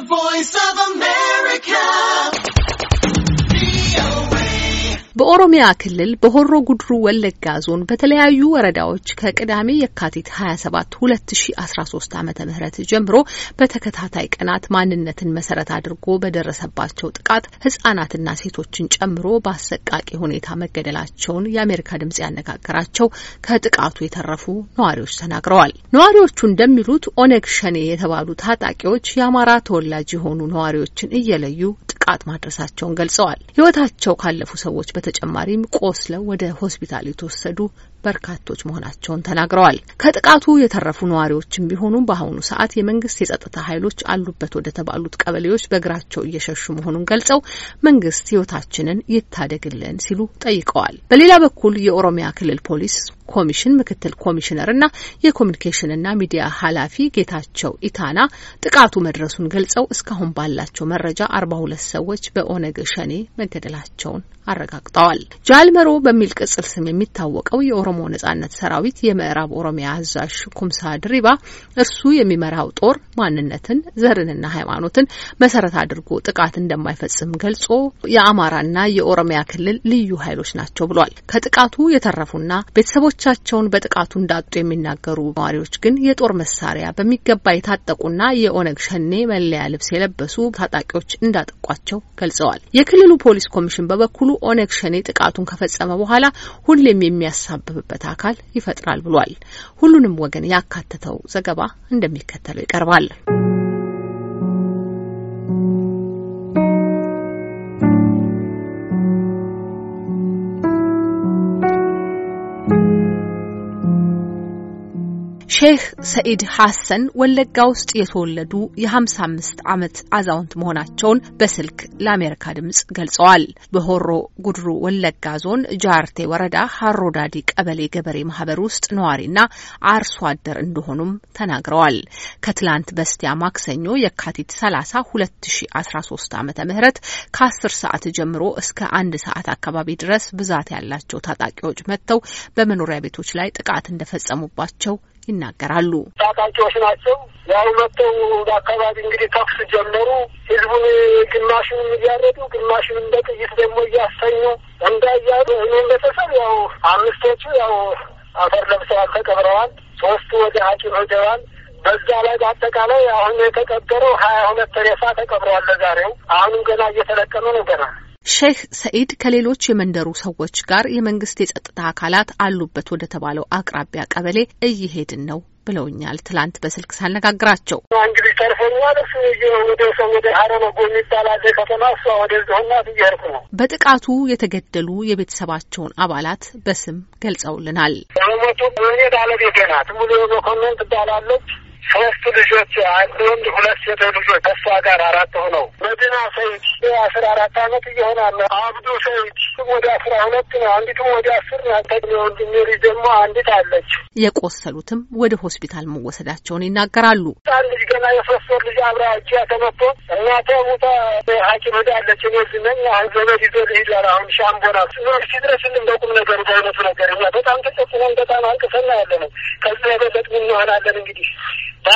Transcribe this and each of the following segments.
The Voice of a man. በኦሮሚያ ክልል በሆሮ ጉድሩ ወለጋ ዞን በተለያዩ ወረዳዎች ከቅዳሜ የካቲት 27 2013 ዓ ም ጀምሮ በተከታታይ ቀናት ማንነትን መሰረት አድርጎ በደረሰባቸው ጥቃት ህጻናትና ሴቶችን ጨምሮ በአሰቃቂ ሁኔታ መገደላቸውን የአሜሪካ ድምጽ ያነጋገራቸው ከጥቃቱ የተረፉ ነዋሪዎች ተናግረዋል። ነዋሪዎቹ እንደሚሉት ኦነግ ሸኔ የተባሉ ታጣቂዎች የአማራ ተወላጅ የሆኑ ነዋሪዎችን እየለዩ ጥቃት ማድረሳቸውን ገልጸዋል። ሕይወታቸው ካለፉ ሰዎች በተጨማሪም ቆስለው ወደ ሆስፒታል የተወሰዱ በርካቶች መሆናቸውን ተናግረዋል። ከጥቃቱ የተረፉ ነዋሪዎችም ቢሆኑም በአሁኑ ሰዓት የመንግስት የጸጥታ ኃይሎች አሉበት ወደ ተባሉት ቀበሌዎች በእግራቸው እየሸሹ መሆኑን ገልጸው መንግስት ህይወታችንን ይታደግልን ሲሉ ጠይቀዋል። በሌላ በኩል የኦሮሚያ ክልል ፖሊስ ኮሚሽን ምክትል ኮሚሽነር ኮሚሽነርና የኮሚኒኬሽንና ሚዲያ ኃላፊ ጌታቸው ኢታና ጥቃቱ መድረሱን ገልጸው እስካሁን ባላቸው መረጃ አርባ ሁለት ሰዎች በኦነግ ሸኔ መገደላቸውን አረጋግጠዋል። ጃልመሮ በሚል ቅጽል ስም የሚታወቀው የኦሮ የኦሮሞ ነጻነት ሰራዊት የምዕራብ ኦሮሚያ አዛዥ ኩምሳ ድሪባ እርሱ የሚመራው ጦር ማንነትን፣ ዘርንና ሃይማኖትን መሰረት አድርጎ ጥቃት እንደማይፈጽም ገልጾ የአማራና የኦሮሚያ ክልል ልዩ ኃይሎች ናቸው ብሏል። ከጥቃቱ የተረፉና ቤተሰቦቻቸውን በጥቃቱ እንዳጡ የሚናገሩ ነዋሪዎች ግን የጦር መሳሪያ በሚገባ የታጠቁና የኦነግ ሸኔ መለያ ልብስ የለበሱ ታጣቂዎች እንዳጠቋቸው ገልጸዋል። የክልሉ ፖሊስ ኮሚሽን በበኩሉ ኦነግ ሸኔ ጥቃቱን ከፈጸመ በኋላ ሁሌም የሚያሳብብ የሚቀርብበት አካል ይፈጥራል ብሏል። ሁሉንም ወገን ያካተተው ዘገባ እንደሚከተለው ይቀርባል። ሼህ ሰኢድ ሐሰን ወለጋ ውስጥ የተወለዱ የ55 ዓመት አዛውንት መሆናቸውን በስልክ ለአሜሪካ ድምጽ ገልጸዋል። በሆሮ ጉድሩ ወለጋ ዞን ጃርቴ ወረዳ ሀሮዳዲ ቀበሌ ገበሬ ማህበር ውስጥ ነዋሪና አርሶ አደር እንደሆኑም ተናግረዋል። ከትላንት በስቲያ ማክሰኞ የካቲት 30 2013 ዓ ም ከ10 ሰዓት ጀምሮ እስከ አንድ ሰዓት አካባቢ ድረስ ብዛት ያላቸው ታጣቂዎች መጥተው በመኖሪያ ቤቶች ላይ ጥቃት እንደፈጸሙባቸው ይናገራሉ። ታጣቂዎች ናቸው። ያው መጥተው በአካባቢ እንግዲህ ተኩስ ጀመሩ። ህዝቡን ግማሽንም እያረዱ ግማሽንም በጥይት ደግሞ እያሰኙ እንዳያሉ እኔም ቤተሰብ ያው አምስቶቹ ያው አፈር ለብሰዋል፣ ተቀብረዋል። ሶስቱ ወደ ሐኪም ሄደዋል። በዛ ላይ በአጠቃላይ አሁን የተቀበረው ሀያ ሁለት ሬሳ ተቀብረዋል። ለዛሬው አሁንም ገና እየተለቀመ ነው ገና ሼህ ሰኢድ ከሌሎች የመንደሩ ሰዎች ጋር የመንግስት የጸጥታ አካላት አሉበት ወደ ተባለው አቅራቢያ ቀበሌ እየሄድን ነው ብለውኛል። ትላንት በስልክ ሳነጋግራቸው እንግዲህ ተርፈኛል ወደ ሰው ወደ ሀረመጎ የሚባል ከተማ እሷ ወደ ሆና እያርኩ ነው። በጥቃቱ የተገደሉ የቤተሰባቸውን አባላት በስም ገልጸውልናል። ሞቱ ባለቤቴ ናት ሙሉ መኮንን ትባላለች። ሶስት ልጆች አንድ ወንድ ሁለት ሴት ልጆች ከሷ ጋር አራት ሆነው መዲና ሰይድ አስራ አራት አመት እየሆናል። አብዱ ሰይድ ወደ አስራ ሁለት ነው። አንዲቱም ወደ አስር ናት። ወንድሜ ልጅ ደግሞ አንዲት አለች። የቆሰሉትም ወደ ሆስፒታል መወሰዳቸውን ይናገራሉ። ጣን ልጅ ገና የሶስት ወር ልጅ አብራ እጅ ተመቶ እናቴ ቦታ ሐኪም ሄዳለች። እኔ ዝነኝ አሁን ዘመድ ይዞ ልሂድ ያለ አሁን ሻምቦና ኖር ሲድረስልን እንደቁም ነገሩ በእውነቱ ነገር እኛ በጣም ተጨቁመን በጣም አንቅሰና ያለ ነው። ከዚህ የበለጥ ምን እንሆናለን እንግዲህ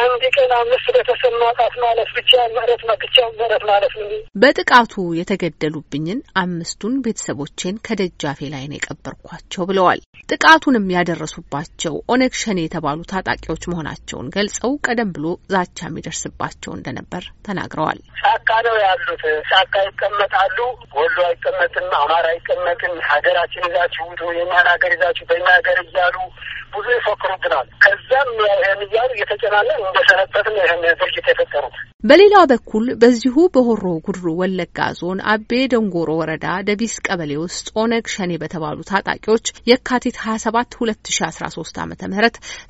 አንድ ቀን አምስት ቤተሰብ ማውጣት ማለት ብቻ ምህረት መክቻ ምህረት ማለት ነው። በጥቃቱ የተገደሉብኝን አምስቱን ቤተሰቦቼን ከደጃፌ ላይ ነው የቀበርኳቸው ብለዋል። ጥቃቱንም ያደረሱባቸው ኦነግ ሸኔ የተባሉ ታጣቂዎች መሆናቸውን ገልጸው ቀደም ብሎ ዛቻ የሚደርስባቸው እንደነበር ተናግረዋል። ጫካ ነው ያሉት። ጫካ ይቀመጣሉ። ወሎ አይቀመጥም፣ አማራ አይቀመጥም፣ ሀገራችን ይዛችሁ ውጡ፣ የኛን ሀገር ይዛችሁ በኛ ሀገር እያሉ ብዙ ይፎክሩብናል። ከዛም ይህን እያሉ እየተጨናለን እንደሰነጠትን ይህን ድርጅት የፈጠሩት። በሌላ በኩል በዚሁ በሆሮ ጉድሩ ወለጋ ዞን አቤ ደንጎሮ ወረዳ ደቢስ ቀበሌ ውስጥ ኦነግ ሸኔ በተባሉ ታጣቂዎች የካቲት 27 2013 ዓ ም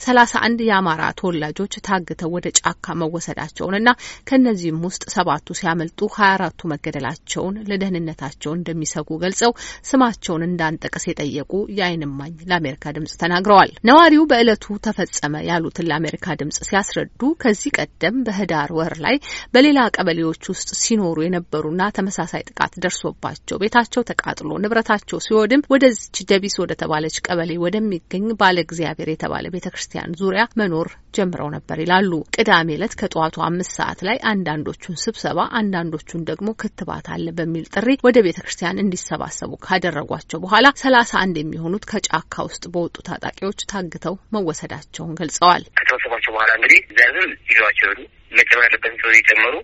31 የአማራ ተወላጆች ታግተው ወደ ጫካ መወሰዳቸውንና ከእነዚህም ውስጥ ሰባቱ ሲያመልጡ 24ቱ መገደላቸውን ለደህንነታቸው እንደሚሰጉ ገልጸው ስማቸውን እንዳንጠቅስ የጠየቁ የአይን እማኝ ለአሜሪካ ድምጽ ተናግረዋል። ነዋሪው በዕለቱ ተፈጸመ ያሉትን ለአሜሪካ ድምጽ ሲያስረዱ ከዚህ ቀደም በህዳር ወር ላይ በሌላ ቀበሌዎች ውስጥ ሲኖሩ የነበሩና ተመሳሳይ ጥቃት ደርሶባቸው ቤታቸው ተቃጥሎ ንብረታቸው ሲወድም ወደዚች ደቢስ ወደ ተባለች ቀበሌ ወደሚገኝ ባለ እግዚአብሔር የተባለ ቤተ ክርስቲያን ዙሪያ መኖር ጀምረው ነበር ይላሉ። ቅዳሜ ዕለት ከጠዋቱ አምስት ሰዓት ላይ አንዳንዶቹን ስብሰባ አንዳንዶቹን ደግሞ ክትባት አለ በሚል ጥሪ ወደ ቤተ ክርስቲያን እንዲሰባሰቡ ካደረጓቸው በኋላ ሰላሳ አንድ የሚሆኑት ከጫካ ውስጥ በወጡ ታጣቂዎች ታግተው መወሰዳቸውን ገልጸዋል። ከተወሰባቸው በኋላ እንግዲህ ዘርብም ይዘዋቸው መጨመር ያለበትን ሰው የጨመሩ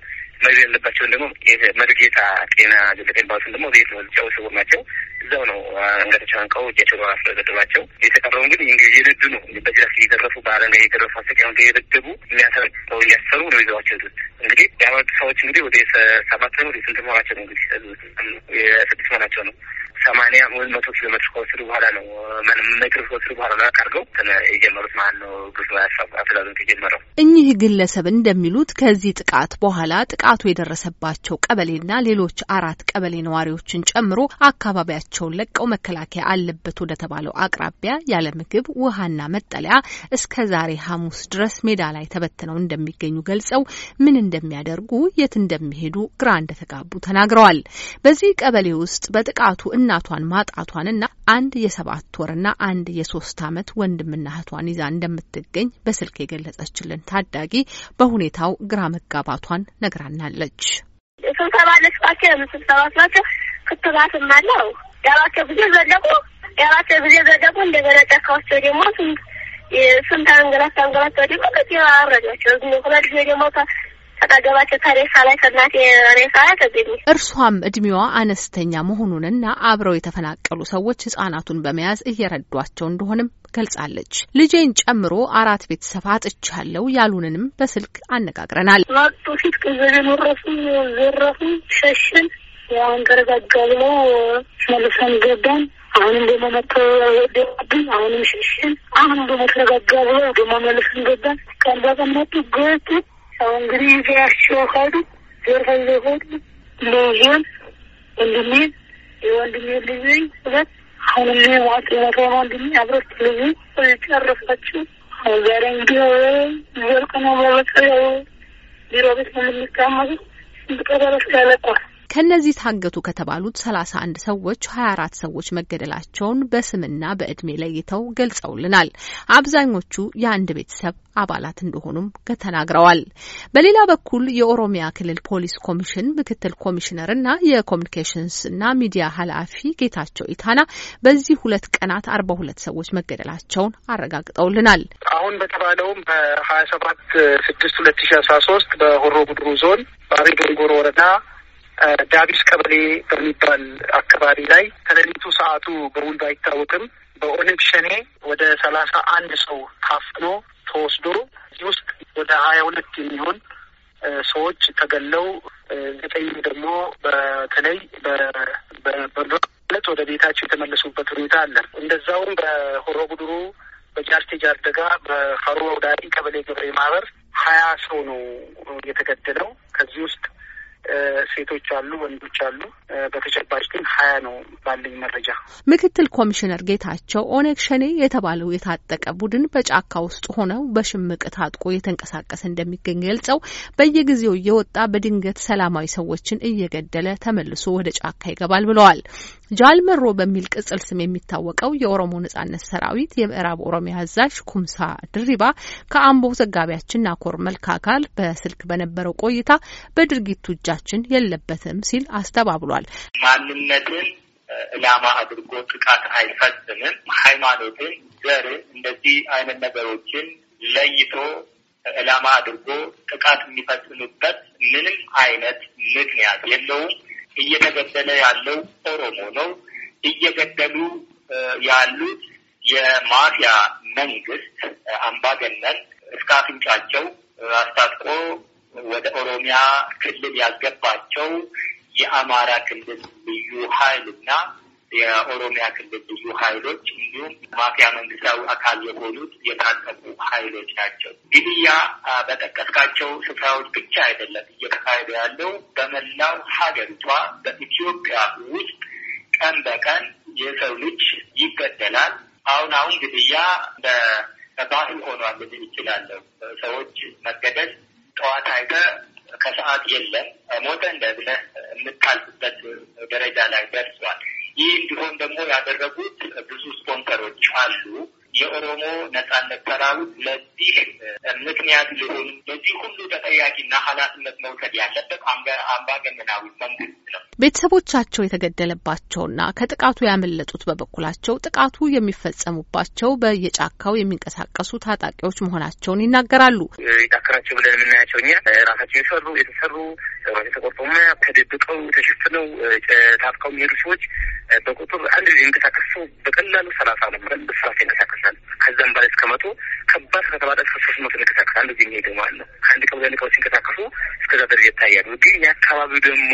መግደል ያለባቸውን ደግሞ መድጌታ ጤና ዘለቀኝ ባሱን ደግሞ ቤት ነው ጫው ሰው ናቸው። እዛው ነው አንገታቸውን አንቀው እጃቸው ራስ ለገደሏቸው። የተቀረውን ግን እንግዲህ የረዱ ነው በጅራፍ እየገረፉ በአረንጋ እየገረፉ አሰቃየው እየደደቡ የሚያሰረው እያሰሩ ነው ይዘዋቸው ሄዱት። እንግዲህ የአመቱ ሰዎች እንግዲህ ወደ ሰባት ነው ወደ ስንት መሆናቸው ነው እንግዲህ የስድስት መሆናቸው ነው ሰማንያ ወይም መቶ ኪሎ ሜትር ከወሰዱ በኋላ ነው ሜትር ከወሰዱ በኋላ ነው አድርገው የጀመሩት ማለት ነው። ያሳብ አስተዛዘን የጀመረው እኚህ ግለሰብ እንደሚሉት ከዚህ ጥቃት በኋላ ጥቃቱ የደረሰባቸው ቀበሌና ሌሎች አራት ቀበሌ ነዋሪዎችን ጨምሮ አካባቢያቸውን ለቀው መከላከያ አለበት ወደተባለው አቅራቢያ ያለ ምግብ ውሃና መጠለያ እስከ ዛሬ ሐሙስ ድረስ ሜዳ ላይ ተበትነው እንደሚገኙ ገልጸው ምን እንደሚያደርጉ የት እንደሚሄዱ ግራ እንደተጋቡ ተናግረዋል። በዚህ ቀበሌ ውስጥ በጥቃቱ እናቷን ማጣቷንና አንድ የሰባት ወርና አንድ የሶስት ዓመት ወንድምና እህቷን ይዛ እንደምትገኝ በስልክ የገለጸችልን ታዳጊ በሁኔታው ግራ መጋባቷን ነግራናለች። ስብሰባ ክትባትም አለው ያባቸው ጊዜ ዘለቁ ያባቸው ጊዜ ዘለቁ እንደገና ደግሞ ስንት አንገላት ደግሞ ከዚ ሁለት ጊዜ ደግሞ አጠገባቸው ከሬሳ ላይ ከእናቴ ሬሳ ላይ ተገኘ። እርሷም እድሜዋ አነስተኛ መሆኑንና አብረው የተፈናቀሉ ሰዎች ህጻናቱን በመያዝ እየረዷቸው እንደሆንም ገልጻለች። ልጄን ጨምሮ አራት ቤተሰብ አጥቻለሁ ያሉንንም በስልክ አነጋግረናል። መጡ ፊት ቅዘን ወረፉ ዘረፉ ሸሽን ያን ተረጋጋል ነው መልሰን ገባን። አሁንም ደግሞ መጥቶ ወደብን። አሁንም ሸሽን። አሁንም ደግሞ ተረጋጋል ነው ደግሞ መልሰን ገባን። ቀን በቀን መጡ ገቱ አሁ እንግዲህ ይዘያቸው የወንድሜ ልጅ ሁለት አሁን ወንድሜ አብረት አሁን ዛሬ እንግዲህ ነው በበቀ ቢሮ ቤት ነው የምንቀመጡ ቀበረስ ያለቋል ከነዚህ ታገቱ ከተባሉት 31 ሰዎች 24 ሰዎች መገደላቸውን በስምና በእድሜ ለይተው ገልጸውልናል። አብዛኞቹ የአንድ ቤተሰብ አባላት እንደሆኑም ተናግረዋል። በሌላ በኩል የኦሮሚያ ክልል ፖሊስ ኮሚሽን ምክትል ኮሚሽነርና የኮሚኒኬሽንስና ሚዲያ ኃላፊ ጌታቸው ኢታና በዚህ ሁለት ቀናት አርባ ሁለት ሰዎች መገደላቸውን አረጋግጠውልናል። አሁን በተባለውም በሀያ ሰባት ስድስት ሁለት ሺ አስራ ሶስት በሆሮ ጉድሩ ዞን ባሬ ገንጎሮ ወረዳ ዳቢስ ቀበሌ በሚባል አካባቢ ላይ ከሌሊቱ ሰዓቱ በውል ባይታወቅም በኦነግ ሸኔ ወደ ሰላሳ አንድ ሰው ታፍኖ ተወስዶ እዚህ ውስጥ ወደ ሀያ ሁለት የሚሆን ሰዎች ተገለው ዘጠኝ ደግሞ በተለይ በለት ወደ ቤታቸው የተመለሱበት ሁኔታ አለ። እንደዛውም በሆሮ ጉድሩ፣ በጃርቴ ጃርደጋ፣ በፈሮ ዳሪ ቀበሌ ገብሬ ማህበር ሀያ ሰው ነው የተገደለው ከዚህ ውስጥ ሴቶች አሉ፣ ወንዶች አሉ። በተጨባጭ ግን ሀያ ነው ባለኝ መረጃ። ምክትል ኮሚሽነር ጌታቸው ኦነግ ሸኔ የተባለው የታጠቀ ቡድን በጫካ ውስጥ ሆነው በሽምቅ ታጥቆ የተንቀሳቀሰ እንደሚገኝ ገልጸው በየጊዜው እየወጣ በድንገት ሰላማዊ ሰዎችን እየገደለ ተመልሶ ወደ ጫካ ይገባል ብለዋል። ጃልመሮ በሚል ቅጽል ስም የሚታወቀው የኦሮሞ ነጻነት ሰራዊት የምዕራብ ኦሮሚያ አዛዥ ኩምሳ ድሪባ ከአምቦ ዘጋቢያችን ናኮር መልካ አካል በስልክ በነበረው ቆይታ በድርጊቱ እጃችን የለበትም ሲል አስተባብሏል። ማንነትን እላማ አድርጎ ጥቃት አይፈጽምም። ሃይማኖትን፣ ዘርን፣ እንደዚህ አይነት ነገሮችን ለይቶ ኢላማ አድርጎ ጥቃት የሚፈጽምበት ምንም አይነት ምክንያት የለውም። እየተገደለ ያለው ኦሮሞ ነው። እየገደሉ ያሉት የማፊያ መንግስት አምባገነን እስከ አፍንጫቸው አስታጥቆ ወደ ኦሮሚያ ክልል ያስገባቸው የአማራ ክልል ልዩ ኃይልና የኦሮሚያ ክልል ብዙ ኃይሎች እንዲሁም ማፊያ መንግስታዊ አካል የሆኑት የታጠቁ ኃይሎች ናቸው። ግድያ በጠቀስካቸው ስፍራዎች ብቻ አይደለም እየተካሄደ ያለው በመላው ሀገሪቷ በኢትዮጵያ ውስጥ ቀን በቀን የሰው ልጅ ይገደላል። አሁን አሁን ግድያ በባህል ሆኗል ልል ይችላለሁ። ሰዎች መገደል ጠዋት አይተ ከሰዓት የለም ሞተ እንደ ብለህ የምታልፍበት ደረጃ ላይ ደርሷል። ይህ እንዲሆን ደግሞ ያደረጉት ብዙ ስፖንሰሮች አሉ። የኦሮሞ ነጻነት ሰራዊት ለዚህ ምክንያት ሊሆኑ በዚህ ሁሉ ተጠያቂና ኃላፊነት መውሰድ ያለበት አምባገነናዊ መንግስት ነው። ቤተሰቦቻቸው የተገደለባቸውና ከጥቃቱ ያመለጡት በበኩላቸው ጥቃቱ የሚፈጸሙባቸው በየጫካው የሚንቀሳቀሱ ታጣቂዎች መሆናቸውን ይናገራሉ። የታከራቸው ብለን የምናያቸው እኛ ራሳቸው የሰሩ የተሰሩ ራሴ ተቆርጦ ተደብቀው ተሸፍነው ታጥቀው የሚሄዱ ሰዎች በቁጥር አንድ ጊዜ የሚንቀሳቀስ ሰው በቀላሉ ሰላሳ ነው ምረን በሰላሳ ይንቀሳቀሳል። ከዛም በላይ እስከ መቶ ከባድ ከተባለ እስከ ሶስት መቶ ይንቀሳቀሳል። አንድ ጊዜ የሚሄደው ማለት ነው። ከአንድ ቀበሌ አንድ ቀበሌ ሲንቀሳቀሱ እስከዛ ደረጃ ይታያሉ። ግን የአካባቢው ደግሞ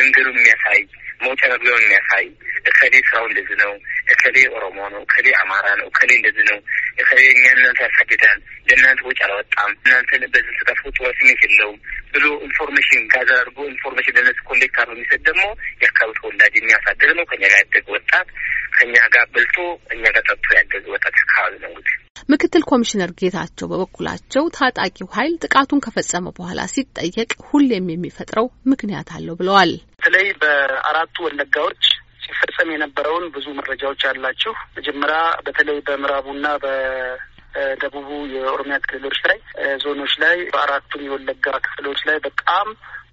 መንገዱን የሚያሳይ መውጫ መግቢያውን የሚያሳይ እከሌ ስራው እንደዚህ ነው እከሌ ኦሮሞ ነው፣ እከሌ አማራ ነው፣ እከሌ እንደዚህ ነው፣ እከሌ እኛ እናንተ ያሳድዳል፣ ለእናንተ ውጭ አላወጣም፣ እናንተ በዚህ ስጠፉ ጥሩ ስሜት የለውም ብሎ ኢንፎርሜሽን ጋዘር አድርጎ ኢንፎርሜሽን ለነሱ ኮሌክት አርጎ የሚሰጥ ደግሞ የአካባቢ ተወላጅ የሚያሳድር ነው። ከኛ ጋር ያደግ ወጣት ከኛ ጋር በልቶ እኛ ጋር ጠጥቶ ያደግ ወጣት አካባቢ ነው። እንግዲህ ምክትል ኮሚሽነር ጌታቸው በበኩላቸው ታጣቂው ኃይል ጥቃቱን ከፈጸመ በኋላ ሲጠየቅ ሁሌም የሚፈጥረው ምክንያት አለው ብለዋል። በተለይ በአራቱ ወለጋዎች ሲፈጸም የነበረውን ብዙ መረጃዎች አላችሁ። መጀመሪያ በተለይ በምዕራቡና በደቡቡ የኦሮሚያ ክልሎች ላይ ዞኖች ላይ በአራቱም የወለጋ ክፍሎች ላይ በጣም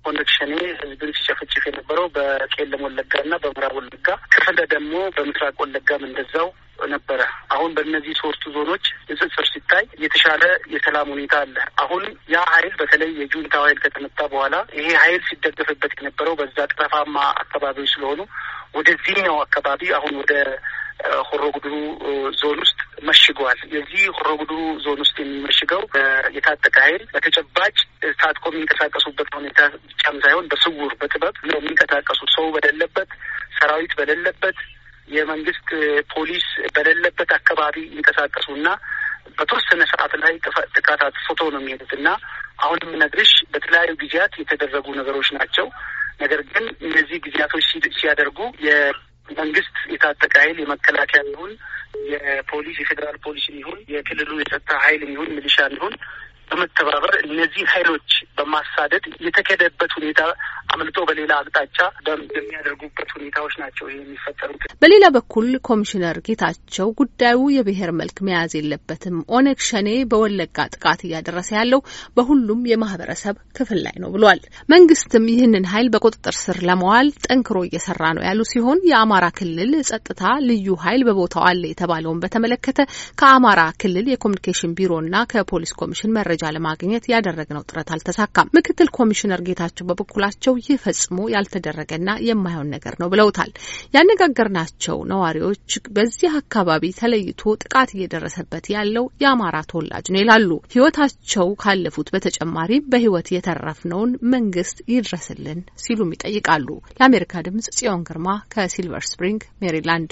ኦነግ ሸኔ ህዝብን ሲጨፈጭፍ የነበረው በቄለም ወለጋ እና በምዕራብ ወለጋ ክፍለ ደግሞ በምስራቅ ወለጋም እንደዛው ነበረ። አሁን በእነዚህ ሶስቱ ዞኖች ንጽጽር ሲታይ የተሻለ የሰላም ሁኔታ አለ። አሁን ያ ኃይል በተለይ የጁንታው ኃይል ከተመታ በኋላ ይሄ ኃይል ሲደገፍበት የነበረው በዛ ጠረፋማ አካባቢዎች ስለሆኑ ወደዚህኛው አካባቢ አሁን ወደ ሆሮ ጉድሩ ዞን ውስጥ መሽገዋል። የዚህ ሆሮ ጉድሩ ዞን ውስጥ የሚመሽገው የታጠቀ ኃይል በተጨባጭ ታጥቆ የሚንቀሳቀሱበት ሁኔታ ብቻም ሳይሆን በስውር በጥበብ ነው የሚንቀሳቀሱ ሰው በሌለበት፣ ሰራዊት በሌለበት፣ የመንግስት ፖሊስ በሌለበት አካባቢ ይንቀሳቀሱ እና በተወሰነ ሰዓት ላይ ጥቃት አጥፍቶ ነው የሚሄዱት እና አሁን የምነግርሽ በተለያዩ ጊዜያት የተደረጉ ነገሮች ናቸው። ነገር ግን እነዚህ ጊዜያቶች ሲያደርጉ የመንግስት የታጠቀ ኃይል የመከላከያ ይሁን የፖሊስ የፌዴራል ፖሊስ ይሁን የክልሉ የጸጥታ ኃይል ይሁን ሚሊሻ ይሁን በመተባበር እነዚህ ኃይሎች በማሳደድ የተካሄደበት ሁኔታ አምልጦ በሌላ አቅጣጫ የሚያደርጉበት ሁኔታዎች ናቸው የሚፈጠሩት። በሌላ በኩል ኮሚሽነር ጌታቸው ጉዳዩ የብሔር መልክ መያዝ የለበትም፣ ኦነግ ሸኔ በወለጋ ጥቃት እያደረሰ ያለው በሁሉም የማህበረሰብ ክፍል ላይ ነው ብሏል። መንግስትም ይህንን ኃይል በቁጥጥር ስር ለመዋል ጠንክሮ እየሰራ ነው ያሉ ሲሆን የአማራ ክልል ጸጥታ ልዩ ኃይል በቦታው አለ የተባለውን በተመለከተ ከአማራ ክልል የኮሚኒኬሽን ቢሮና ከፖሊስ ኮሚሽን መረ መረጃ ለማግኘት ያደረግነው ጥረት አልተሳካም። ምክትል ኮሚሽነር ጌታቸው በበኩላቸው ይህ ፈጽሞ ያልተደረገና የማይሆን ነገር ነው ብለውታል። ያነጋገርናቸው ነዋሪዎች በዚህ አካባቢ ተለይቶ ጥቃት እየደረሰበት ያለው የአማራ ተወላጅ ነው ይላሉ። ህይወታቸው ካለፉት በተጨማሪም በህይወት የተረፍነውን መንግስት ይድረስልን ሲሉም ይጠይቃሉ። ለአሜሪካ ድምጽ ጽዮን ግርማ ከሲልቨር ስፕሪንግ ሜሪላንድ